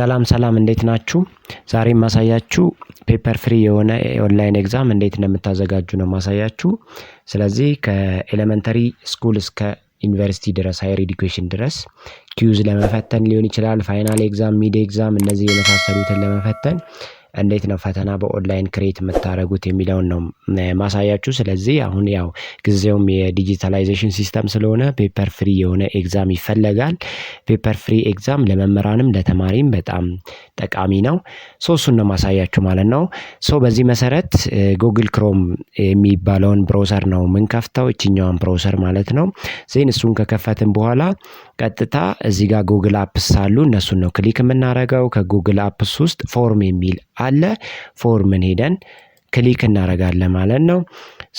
ሰላም ሰላም እንዴት ናችሁ? ዛሬ የማሳያችሁ ፔፐር ፍሪ የሆነ ኦንላይን ኤግዛም እንዴት እንደምታዘጋጁ ነው ማሳያችሁ። ስለዚህ ከኤሌመንተሪ ስኩል እስከ ዩኒቨርሲቲ ድረስ ሃየር ኤዱኬሽን ድረስ ኪዩዝ ለመፈተን ሊሆን ይችላል፣ ፋይናል ኤግዛም፣ ሚድ ኤግዛም እነዚህ የመሳሰሉትን ለመፈተን እንዴት ነው ፈተና በኦንላይን ክሬት የምታደርጉት የሚለውን ነው ማሳያችሁ። ስለዚህ አሁን ያው ጊዜውም የዲጂታላይዜሽን ሲስተም ስለሆነ ፔፐር ፍሪ የሆነ ኤግዛም ይፈለጋል። ፔፐር ፍሪ ኤግዛም ለመምህራንም ለተማሪም በጣም ጠቃሚ ነው። ሶ እሱን ነው ማሳያችሁ ማለት ነው። ሶ በዚህ መሰረት ጉግል ክሮም የሚባለውን ብሮሰር ነው ምንከፍተው፣ እችኛዋን ብሮሰር ማለት ነው። ዜን እሱን ከከፈትን በኋላ ቀጥታ እዚህ ጋር ጉግል አፕስ አሉ እነሱን ነው ክሊክ የምናደርገው። ከጉግል አፕስ ውስጥ ፎርም የሚል አለ ፎርምን ሄደን ክሊክ እናደርጋለን ማለት ነው።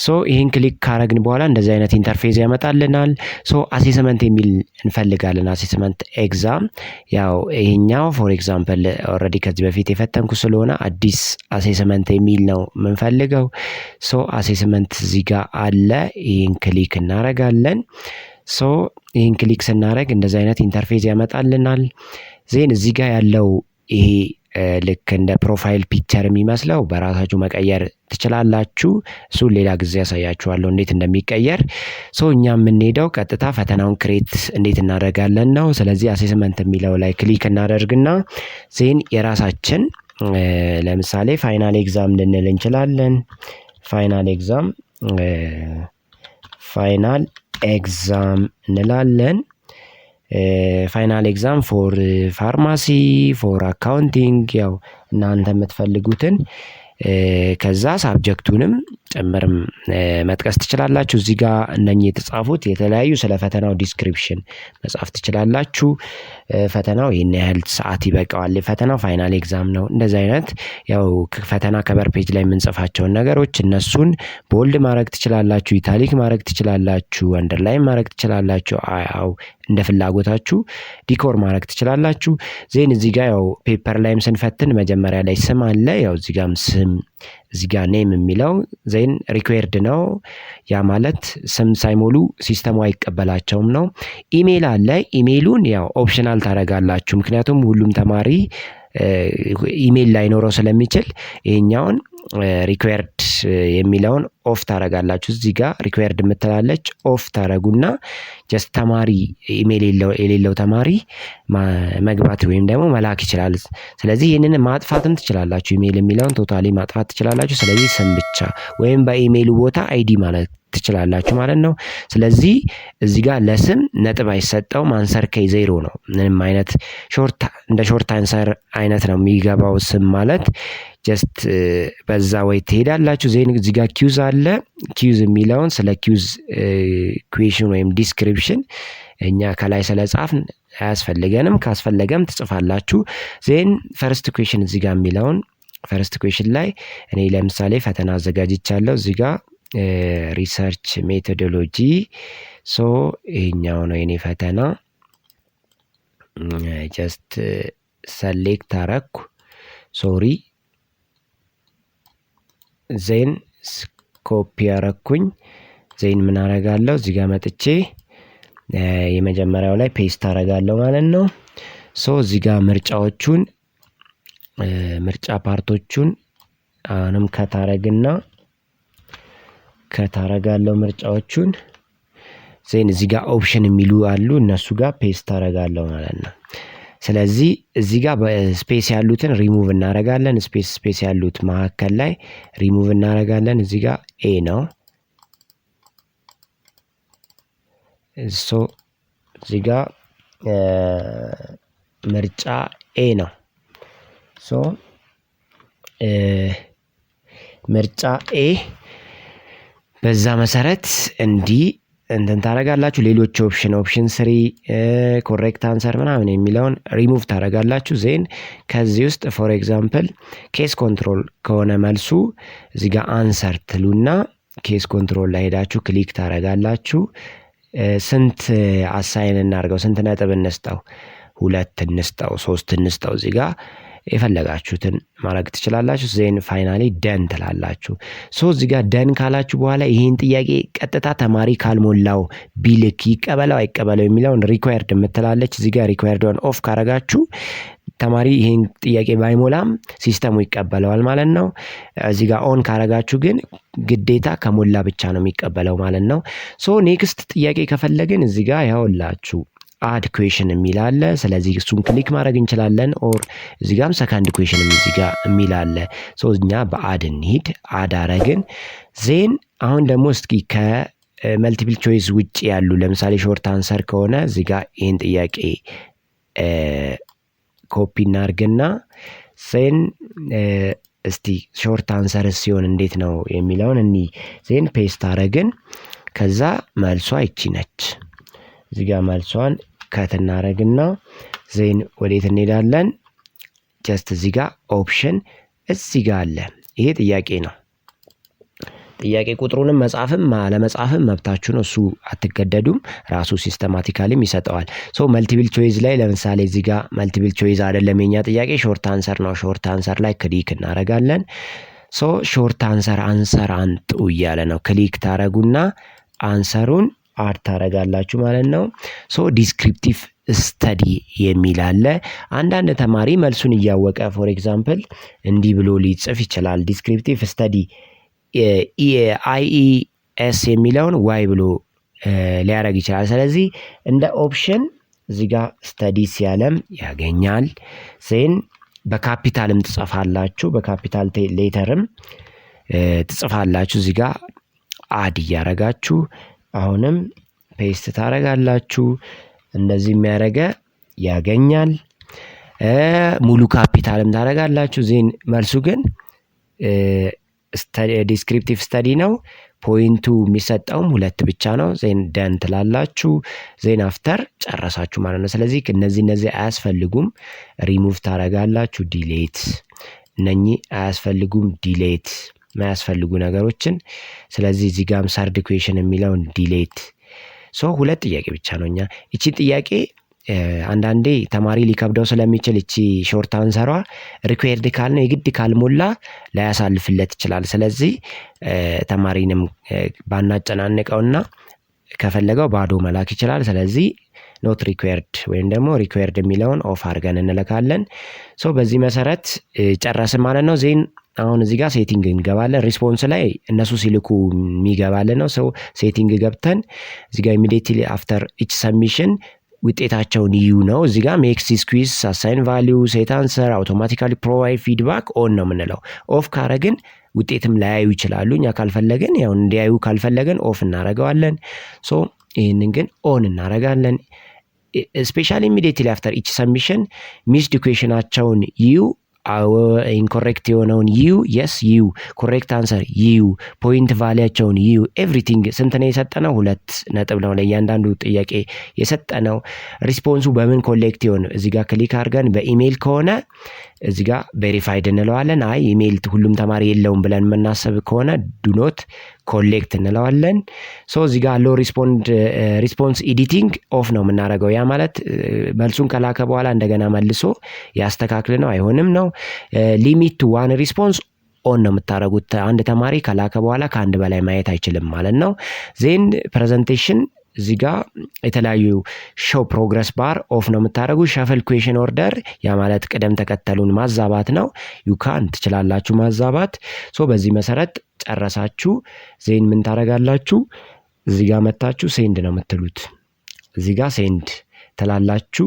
ሶ ይህን ክሊክ ካረግን በኋላ እንደዚህ አይነት ኢንተርፌዝ ያመጣልናል። ሶ አሴስመንት የሚል እንፈልጋለን። አሴስመንት ኤግዛም ያው ይሄኛው ፎር ኤግዛምፕል ኦልሬዲ ከዚህ በፊት የፈተንኩ ስለሆነ አዲስ አሴስመንት የሚል ነው የምንፈልገው። ሶ አሴስመንት እዚህ አለ። ይህን ክሊክ እናረጋለን። ሶ ይህን ክሊክ ስናረግ እንደዚህ አይነት ኢንተርፌዝ ያመጣልናል። ዜን እዚህ ያለው ይሄ ልክ እንደ ፕሮፋይል ፒክቸር የሚመስለው በራሳችሁ መቀየር ትችላላችሁ። እሱን ሌላ ጊዜ ያሳያችኋለሁ እንዴት እንደሚቀየር። ሶ እኛ የምንሄደው ቀጥታ ፈተናውን ክሬት እንዴት እናደርጋለን ነው። ስለዚህ አሴስመንት የሚለው ላይ ክሊክ እናደርግና ዜን የራሳችን ለምሳሌ ፋይናል ኤግዛም ልንል እንችላለን። ፋይናል ኤግዛም ፋይናል ኤግዛም እንላለን። ፋይናል ኤግዛም ፎር ፋርማሲ ፎር አካውንቲንግ ያው እናንተ የምትፈልጉትን ከዛ ሳብጀክቱንም ጭምርም መጥቀስ ትችላላችሁ። እዚህ ጋር እነኚህ የተጻፉት የተለያዩ ስለ ፈተናው ዲስክሪፕሽን መጻፍ ትችላላችሁ። ፈተናው ይህን ያህል ሰዓት ይበቃዋል፣ ፈተናው ፋይናል ኤግዛም ነው። እንደዚህ አይነት ያው ፈተና ከበር ፔጅ ላይ የምንጽፋቸውን ነገሮች እነሱን ቦልድ ማድረግ ትችላላችሁ፣ ኢታሊክ ማድረግ ትችላላችሁ፣ አንደርላይን ማድረግ ትችላላችሁ። ያው እንደ ፍላጎታችሁ ዲኮር ማድረግ ትችላላችሁ። ዜን እዚህ ጋር ያው ፔፐር ላይም ስንፈትን መጀመሪያ ላይ ስም አለ። ያው እዚህ ጋም ስም እዚህ ጋር ኔም የሚለው ዜን ሪኩዌርድ ነው። ያ ማለት ስም ሳይሞሉ ሲስተሙ አይቀበላቸውም ነው። ኢሜይል አለ። ኢሜሉን ያው ኦፕሽናል ታደርጋላችሁ። ምክንያቱም ሁሉም ተማሪ ኢሜል ላይኖረው ስለሚችል ይሄኛውን ሪኩዌርድ የሚለውን ኦፍ ታረጋላችሁ። እዚህ ጋር ሪኩዌርድ የምትላለች ኦፍ ታረጉና ጀስት ተማሪ ኢሜል የሌለው ተማሪ መግባት ወይም ደግሞ መላክ ይችላል። ስለዚህ ይህንን ማጥፋትም ትችላላችሁ። ኢሜል የሚለውን ቶታሊ ማጥፋት ትችላላችሁ። ስለዚህ ስም ብቻ ወይም በኢሜይሉ ቦታ አይዲ ማለት ትችላላችሁ ማለት ነው። ስለዚህ እዚህ ጋር ለስም ነጥብ አይሰጠውም። አንሰር ከይ ዜሮ ነው። ምንም አይነት ሾርት እንደ ሾርት አንሰር አይነት ነው የሚገባው ስም ማለት ጀስት በዛ ወይ ትሄዳላችሁ። ዜን እዚህ ጋር ኪውዝ አለ። ኪውዝ የሚለውን ስለ ኪውዝ ኩዌሽን ወይም ዲስክሪፕሽን እኛ ከላይ ስለ ጻፍን አያስፈልገንም። ካስፈለገም ትጽፋላችሁ። ዜን ፈርስት ኩዌሽን እዚህ ጋር የሚለውን ፈርስት ኩዌሽን ላይ እኔ ለምሳሌ ፈተና አዘጋጅቻለሁ። እዚህ ጋር ሪሰርች ሜቶዶሎጂ ሶ ይሄኛው ነው የኔ ፈተና። ጀስት ሰሌክት አረኩ ሶሪ ዜን ስኮፕ ያረኩኝ ዜን ምን አረጋለሁ እዚህ ጋር መጥቼ የመጀመሪያው ላይ ፔስት አረጋለሁ ማለት ነው። ሶ እዚህ ጋር ምርጫዎቹን ምርጫ ፓርቶቹን አሁንም ከታረግና አደርግና ምርጫዎቹን ዜን እዚህ ጋር ኦፕሽን የሚሉ አሉ እነሱ ጋር ፔስት አረጋለሁ ማለት ነው። ስለዚህ እዚህ ጋር ስፔስ ያሉትን ሪሙቭ እናረጋለን። ስፔስ ስፔስ ያሉት መካከል ላይ ሪሙቭ እናረጋለን። እዚህ ጋር ኤ ነው። ሶ እዚህ ጋር ምርጫ ኤ ነው። ሶ ምርጫ ኤ በዛ መሰረት እንዲህ እንትን ታደርጋላችሁ። ሌሎች ኦፕሽን ኦፕሽን ስሪ ኮሬክት አንሰር ምናምን የሚለውን ሪሙቭ ታደርጋላችሁ። ዜን ከዚህ ውስጥ ፎር ኤግዛምፕል ኬስ ኮንትሮል ከሆነ መልሱ እዚህ ጋር አንሰር ትሉና ኬስ ኮንትሮል ላይ ሄዳችሁ ክሊክ ታደርጋላችሁ። ስንት አሳይን እናርገው? ስንት ነጥብ እንስጠው? ሁለት እንስጠው፣ ሶስት እንስጠው እዚህ ጋር የፈለጋችሁትን ማድረግ ትችላላችሁ። ዜን ፋይናሊ ደን ትላላችሁ። ሶ እዚህ ጋር ደን ካላችሁ በኋላ ይህን ጥያቄ ቀጥታ ተማሪ ካልሞላው ቢልክ ይቀበለው አይቀበለው የሚለውን ሪኳየርድ የምትላለች እዚህ ጋር ሪኳየርድን ኦፍ ካረጋችሁ ተማሪ ይህን ጥያቄ ባይሞላም ሲስተሙ ይቀበለዋል ማለት ነው። እዚህ ጋር ኦን ካረጋችሁ ግን ግዴታ ከሞላ ብቻ ነው የሚቀበለው ማለት ነው። ሶ ኔክስት ጥያቄ ከፈለግን እዚህ ጋር ያውላችሁ አድ ኩዌሽን የሚል አለ። ስለዚህ እሱን ክሊክ ማድረግ እንችላለን። ኦር እዚህ ጋም ሰካንድ ኩዌሽን እዚህ ጋር የሚል አለ። ሶ እኛ በአድ እንሂድ። አድ አረግን ዜን አሁን ደግሞ እስኪ ከመልቲፕል ቾይስ ውጭ ያሉ ለምሳሌ ሾርት አንሰር ከሆነ እዚህ ጋር ይህን ጥያቄ ኮፒ እናርግና ዜን እስቲ ሾርት አንሰር ሲሆን እንዴት ነው የሚለውን እኒ ዜን ፔስት አረግን። ከዛ መልሷ ይቺ ነች። እዚጋ መልሷን ከት እናደርግና ዜን ወዴት እንሄዳለን? ጀስት እዚህ ጋር ኦፕሽን እዚህ ጋር አለ። ይሄ ጥያቄ ነው። ጥያቄ ቁጥሩንም መጻፍም አለመጻፍም መብታችሁ ነው። እሱ አትገደዱም። ራሱ ሲስተማቲካሊም ይሰጠዋል። ሶ መልቲብል ቾይዝ ላይ ለምሳሌ እዚህ ጋር መልቲብል ቾይዝ አይደለም የኛ ጥያቄ፣ ሾርት አንሰር ነው። ሾርት አንሰር ላይ ክሊክ እናደርጋለን። ሶ ሾርት አንሰር አንሰር አንጡ እያለ ነው። ክሊክ ታረጉና አንሰሩን አድ ታደርጋላችሁ ማለት ነው። ሶ ዲስክሪፕቲቭ ስተዲ የሚል አለ። አንዳንድ ተማሪ መልሱን እያወቀ ፎር ኤግዛምፕል እንዲህ ብሎ ሊጽፍ ይችላል። ዲስክሪፕቲቭ ስተዲ አይኢኤስ የሚለውን ዋይ ብሎ ሊያደርግ ይችላል። ስለዚህ እንደ ኦፕሽን እዚህ ጋር ስተዲ ሲያለም ያገኛል። ሴን በካፒታልም ትጽፋላችሁ። በካፒታል ሌተርም ትጽፋላችሁ። እዚህ ጋር አድ እያደረጋችሁ አሁንም ፔስት ታደርጋላችሁ። እንደዚህ የሚያደርገ ያገኛል። ሙሉ ካፒታልም ታደርጋላችሁ። ዜን መልሱ ግን ዲስክሪፕቲቭ ስተዲ ነው። ፖይንቱ የሚሰጠውም ሁለት ብቻ ነው። ዜን ደን ትላላችሁ። ዜን አፍተር ጨረሳችሁ ማለት ነው። ስለዚህ እነዚህ እነዚህ አያስፈልጉም፣ ሪሙቭ ታደርጋላችሁ። ዲሌት እነኚህ አያስፈልጉም፣ ዲሌት የማያስፈልጉ ነገሮችን ስለዚህ እዚህ ጋርም ሰርድ ኩዌሽን የሚለውን ዲሌት ሶ ሁለት ጥያቄ ብቻ ነው እኛ ይቺን ጥያቄ አንዳንዴ ተማሪ ሊከብደው ስለሚችል እቺ ሾርት አንሰሯ ሪኩዌርድ ካል ነው የግድ ካልሞላ ላያሳልፍለት ይችላል። ስለዚህ ተማሪንም ባናጨናንቀውና ከፈለገው ባዶ መላክ ይችላል። ስለዚህ ኖት ሪኩዌርድ ወይም ደግሞ ሪኩዌርድ የሚለውን ኦፍ አድርገን እንለካለን። ሶ በዚህ መሰረት ጨረስን ማለት ነው ዜን አሁን እዚህ ጋር ሴቲንግ እንገባለን። ሪስፖንስ ላይ እነሱ ሲልኩ የሚገባልን ነው። ሰው ሴቲንግ ገብተን እዚህ ጋር ኢሚዲየትሊ አፍተር ኢች ሰሚሽን ውጤታቸውን ይዩ ነው። እዚህ ጋር ሜክስ ስኩዝ አሳይን ቫሊዩ ሴት አንሰር አውቶማቲካሊ ፕሮቫይድ ፊድባክ ኦን ነው የምንለው። ኦፍ ካረግን ውጤትም ላያዩ ይችላሉ። እኛ ካልፈለግን ያው እንዲያዩ ካልፈለግን ኦፍ እናረገዋለን። ሶ ይህንን ግን ኦን እናረጋለን። ስፔሻሊ ኢሚዲየትሊ አፍተር ኢች ሰሚሽን ሚስድ ኩዌሽናቸውን ይዩ አዎ ኢንኮሬክት የሆነውን ዩ የስ ዩ ኮሬክት አንሰር ዩ ፖይንት ቫሊያቸውን ዩ ኤቭሪቲንግ ስንት ነው የሰጠነው? ሁለት ነጥብ ነው ለእያንዳንዱ ጥያቄ የሰጠነው። ሪስፖንሱ በምን ኮሌክት ይሆን? እዚህ ጋር ክሊክ አድርገን በኢሜይል ከሆነ እዚ ጋ ቬሪፋይድ እንለዋለን። አይ ኢሜይል ሁሉም ተማሪ የለውም ብለን የምናስብ ከሆነ ዱኖት ኮሌክት እንለዋለን። ሶ እዚ ጋ ሎ ሪስፖንስ ኤዲቲንግ ኦፍ ነው የምናደርገው። ያ ማለት መልሱን ከላከ በኋላ እንደገና መልሶ ያስተካክል ነው አይሆንም ነው። ሊሚት ቱ ዋን ሪስፖንስ ኦን ነው የምታደርጉት። አንድ ተማሪ ከላከ በኋላ ከአንድ በላይ ማየት አይችልም ማለት ነው። ዜን ፕሬዘንቴሽን እዚ ጋ የተለያዩ ሾው ፕሮግረስ ባር ኦፍ ነው የምታደረጉ። ሸፍል ኩዌሽን ኦርደር ያ ማለት ቅደም ተከተሉን ማዛባት ነው። ዩካን ትችላላችሁ ማዛባት። ሶ በዚህ መሰረት ጨረሳችሁ። ዜን ምን ታደረጋላችሁ? እዚህ መታችሁ ሴንድ ነው የምትሉት። እዚህ ሴንድ ትላላችሁ።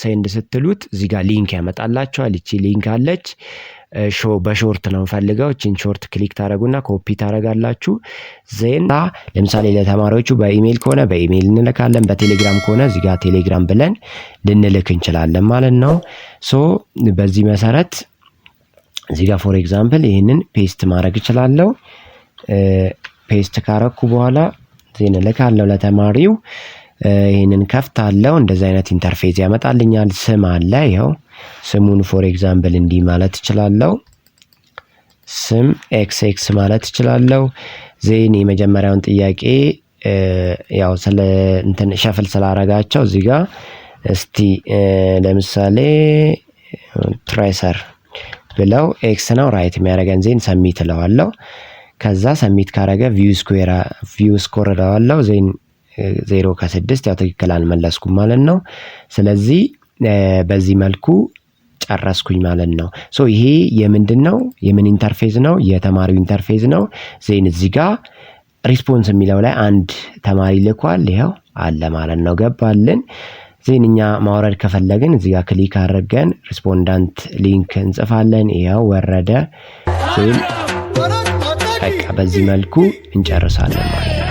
ሴንድ ስትሉት እዚህ ጋር ሊንክ ያመጣላቸዋል። ይቺ ሊንክ አለች። በሾርት ነው ፈልገው ችን ሾርት ክሊክ ታደረጉና ኮፒ ታደረጋላችሁ። ዜና ለምሳሌ ለተማሪዎቹ በኢሜይል ከሆነ በኢሜይል እንልካለን። በቴሌግራም ከሆነ እዚህ ጋር ቴሌግራም ብለን ልንልክ እንችላለን ማለት ነው። ሶ በዚህ መሰረት እዚህ ጋር ፎር ኤግዛምፕል ይህንን ፔስት ማድረግ እችላለሁ። ፔስት ካረኩ በኋላ ዜና ልካለሁ ለተማሪው ይህንን ከፍት አለው እንደዚህ አይነት ኢንተርፌዝ ያመጣልኛል። ስም አለ። ይኸው ስሙን ፎር ኤግዛምፕል እንዲህ ማለት እችላለሁ። ስም ኤክስ ኤክስ ማለት እችላለሁ። ዜን የመጀመሪያውን ጥያቄ ያው ስለ እንትን ሸፍል ስላረጋቸው እዚህ ጋ እስቲ ለምሳሌ ትሬሰር ብለው ኤክስ ነው ራይት የሚያደርገን ዜን ሰሚት እለዋለሁ። ከዛ ሰሚት ካረገ ቪው ስኮር እለዋለሁ ዜን ዜሮ ከስድስት ያው ትክክል አልመለስኩም ማለት ነው። ስለዚህ በዚህ መልኩ ጨረስኩኝ ማለት ነው። ሶ ይሄ የምንድነው የምን ኢንተርፌዝ ነው? የተማሪው ኢንተርፌዝ ነው። ዜን እዚህ ጋር ሪስፖንስ የሚለው ላይ አንድ ተማሪ ልኳል ይኸው አለ ማለት ነው። ገባልን። ዜን እኛ ማውረድ ከፈለግን እዚህ ጋር ክሊክ አድርገን ሪስፖንዳንት ሊንክ እንጽፋለን። ይኸው ወረደ። ዜን በቃ በዚህ መልኩ እንጨርሳለን ማለት ነው።